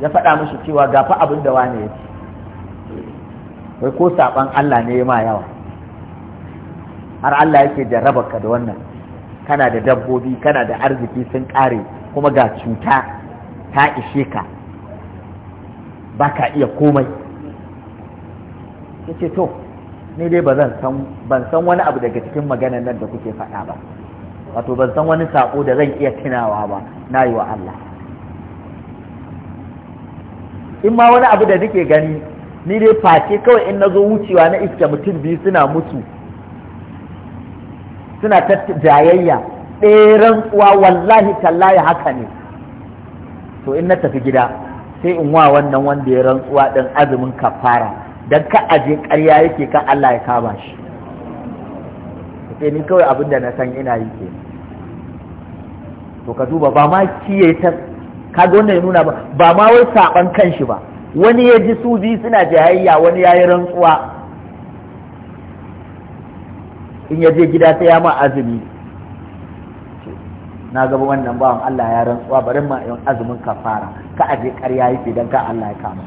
ya faɗa mishi cewa ga fa abin da wane ya ce wai ko saɓan Allah ne ya ma yawa har Allah yake jarraba ka da wannan kana da dabbobi kana da arziki sun ƙare kuma ga cuta ta ishe ka ba ka iya komai ya to ni dai ban san wani abu daga cikin maganar nan da kuke faɗa ba wato ban san wani saƙo da zan iya tunawa ba na yi wa Allah in ma wani abu da nake gani ni dai face kawai in na zo wucewa na iske mutum biyu suna mutu suna ta jayayya ɗeran eh, uwa wallahi tallahi haka ne to in na tafi gida sai in wa wannan wanda ya rantsuwa ɗin azumin kafara don ka aje ƙarya yake kan Allah ya kama shi sai ni kawai abin da na san ina yi ke to ka duba ba ma kiyaye ta kaga wannan ya nuna ba ba ma wai saban kanshi ba wani ya ji su biyu suna jayayya wani ya yi rantsuwa in ya je gida sai ya ma azumi na gaba wannan bawan Allah ya rantsuwa bari ma yan azumin kafara ka aje ƙarya yake dan ka Allah ya kama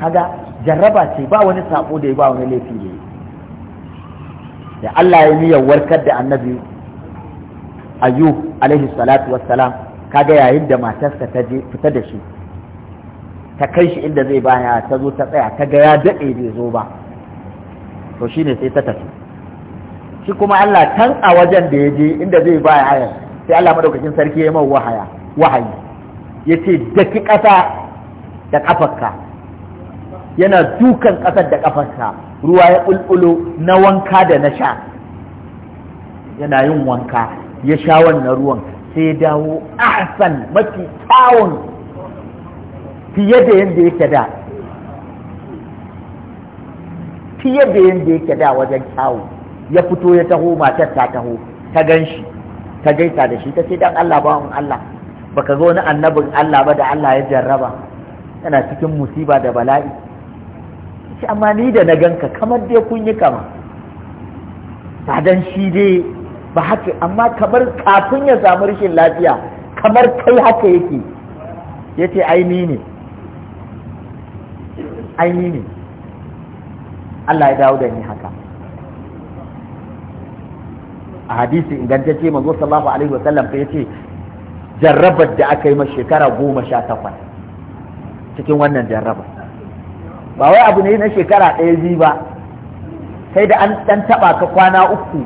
kaga jarraba ce ba wani sako da ya ba wani laifi ne da Allah ya niyyar warkar da annabi ayyub alaihi salatu wassalam kaga yayin da matarsa ta je fita da shi ta kai shi inda zai baya ta zo ta tsaya ta ga ya daɗe bai zo ba to shine sai ta tafi shi kuma Allah tan a wajen da ya je inda zai ba ya haya sai Allah madaukakin sarki ya mai wahaya wahayi yace daki ƙasa da kafarka yana dukan ƙasar da kafarka ruwa ya bulbulo na wanka da na sha yana yin wanka ya sha wannan ruwan sai ya dawo ahsan mafi kyawun fiye da yadda yake da fiye da yadda yake da wajen kyawun ya fito ya taho matar ta taho ta gan shi ta gaita da shi ta ce dan Allah ba Allah baka ga wani annabin Allah ba da Allah ya jarraba tana cikin musiba da bala'i shi amma ni da na ganka kamar dai kun yi kama ba dan shi dai ba haka amma kamar kafin ya samu rashin lafiya kamar kai haka yake yace ai ni ne ai ne Allah ya dawo da ni haka a hadisi ingantacce manzo sallallahu alaihi wasallam ya ce, jarrabar da aka yi ma shekara goma sha takwas cikin wannan jarraba ba wai abu ne na shekara ɗaya biyu ba sai da an ɗan taɓa ka kwana uku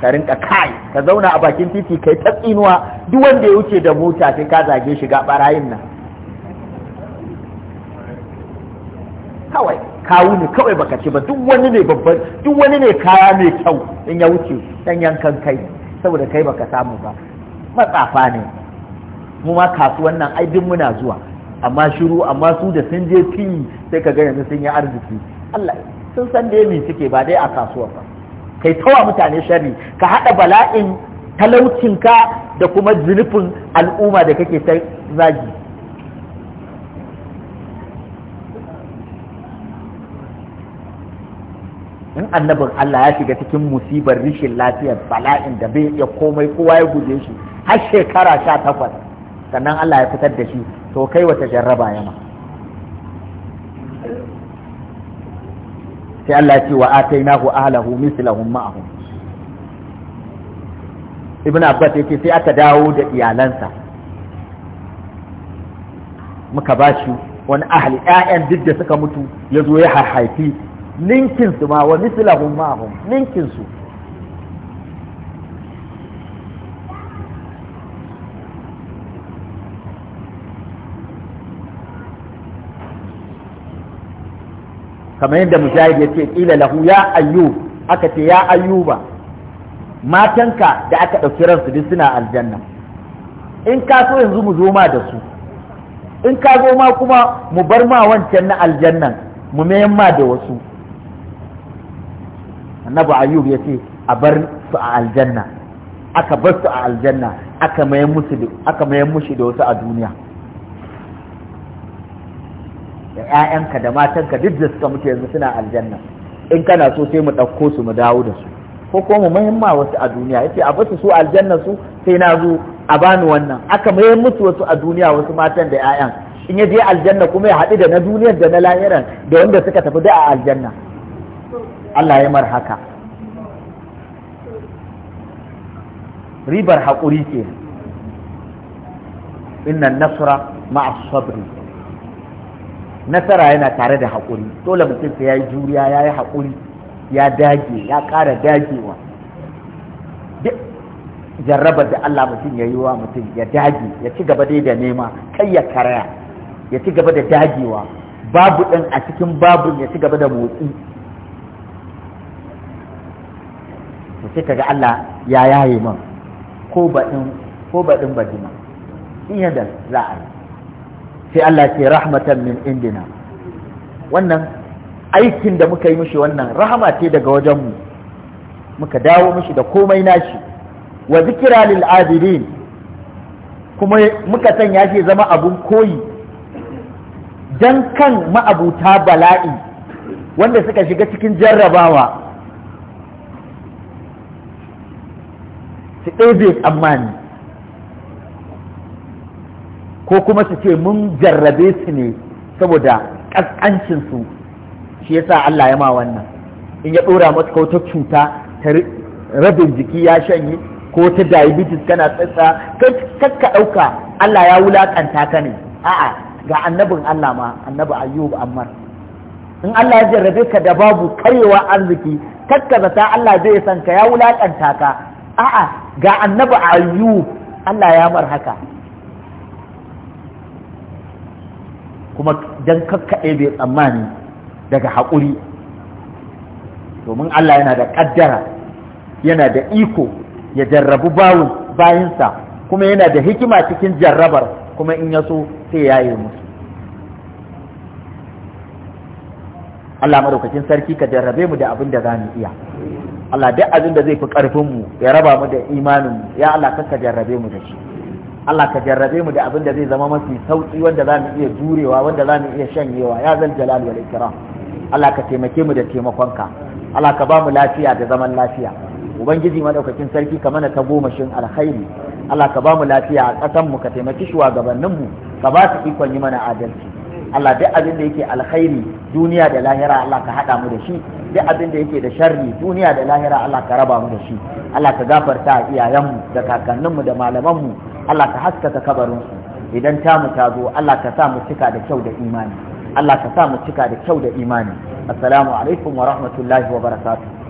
ka rinka kai ka zauna a bakin titi kai ta tsinuwa duk wanda ya wuce da mota sai ka zage shiga barayin nan kawai kawu ne kawai baka ce ba duk wani ne babban duk wani ne kaya mai kyau in ya wuce dan yankan kai saboda kai baka samu ba matsafa ne mu ma kasuwan nan ai duk muna zuwa amma shiru amma su da sun je fi sai ka ga sun yi arziki Allah sun san da me suke ba dai a kasuwa ba kai tawa mutane sharri ka hada bala'in talaucinka da kuma zunufin al'umma da kake ta zagi in annabin Allah ya shiga cikin musibar rishin lafiyar bala'in da bai iya komai kowa ya guje shi har shekara sha takwas sannan Allah ya fitar da shi to kai wata jarraba yana. sai Allah ya ce wa atainahu ahlahu mislahum ma'ahum ibn abbas yake sai aka dawo da iyalansa muka ba shi wani ahli Ya'yan duk da suka mutu ya zo ya haifi ninkin su ma wa mislahum ma'hum ninkin su kamar yadda mujahid ya ce ƙila lahu ya ayyub aka ce ya ayyuba matanka da aka ɗauki ransu duk suna aljanna in ka so yanzu mu zo ma da su in ka zo ma kuma mu bar ma wancan na aljannan mu mayan ma da wasu annabi ayyub ya ce a bar su a aljanna aka bar su a aljanna aka mayan mushi da wasu a duniya da 'ya'yanka da matanka duk da suka mutu yanzu suna aljanna in kana so sai mu ɗauko su mu dawo da su ko kuma mu mahimma wasu a duniya yace a basu su aljanna su sai na zo a bani wannan aka mayar musu wasu a duniya wasu matan da 'ya'yan in ya je aljanna kuma ya haɗu da na duniyar da na lahiran da wanda suka tafi da a aljanna Allah ya mar haka ribar haƙuri ke inna nasra ma'a sabri nasara yana tare da haƙuri dole mutum ya yi juriya ya yi haƙuri ya dage ya ƙara dagewa duk jarrabar da Allah mutum ya yi wa mutum ya dage ya ci gaba dai da nema kai ya karaya ya ci gaba da dagewa babu ɗin a cikin babun ya ci gaba da motsi sai kaga Allah ya yaye man ko baɗin ko baɗin badima iya da za yi sai Allah ce rahmatan min indina wannan aikin da muka yi mishi wannan rahama ce daga wajenmu muka dawo mishi da komai nashi wa zikira lil kuma muka sanya shi zama abun koyi dan kan ma'abuta bala'i wanda suka shiga cikin jarrabawa su ɗebe tsammani ko kuma su ce mun jarrabe su ne saboda ƙasƙancinsu shi yasa Allah ya ma wannan in ya ɗora masu ko cuta ta rabin jiki ya shanye ko ta diabetes kana tsatsa kai ɗauka Allah ya wulaƙanta ka ne a'a ga annabin Allah ma annabi ayyub ammar in Allah ya jarrabe ka da babu karyewa arziki kakka zata Allah zai san ka ya wulaƙanta ka a'a ga annabi ayyub Allah ya mar haka kuma dan kakkaɗe bai tsammani daga haƙuri domin Allah yana da ƙaddara yana da iko ya jarrabu bawun kuma yana da hikima cikin jarrabar kuma in ya so sai ya yi musu Allah maɗaukakin sarki ka jarrabe mu da abin da za mu iya Allah duk abin da zai fi karfin mu ya raba mu da imanin mu ya Allah ka jarrabe mu da shi Allah ka jarrabe mu da abin da zai zama mafi sauki wanda za mu iya jurewa wanda za mu iya shanyewa ya zal jalal wal ikram Allah ka taimake mu da taimakonka Allah ka ba mu lafiya da zaman lafiya ubangiji madaukakin sarki ka mana ta gomashin alkhairi Allah ka ba mu lafiya a ƙasan mu ka taimaki shugabannin mu ka ba su ikon yi mana adalci Allah duk abin da yake alkhairi duniya da lahira Allah ka haɗa mu da shi duk abin da yake da sharri duniya da lahira Allah ka raba mu da shi Allah ka gafarta iyayenmu da kakanninmu da malamanmu Allah ka haskaka kabarinsu idan mu ta zo Allah ka sa mu cika da kyau da imani Allah ka sa mu cika da kyau da imani assalamu alaikum wa rahmatullahi wa barakatuh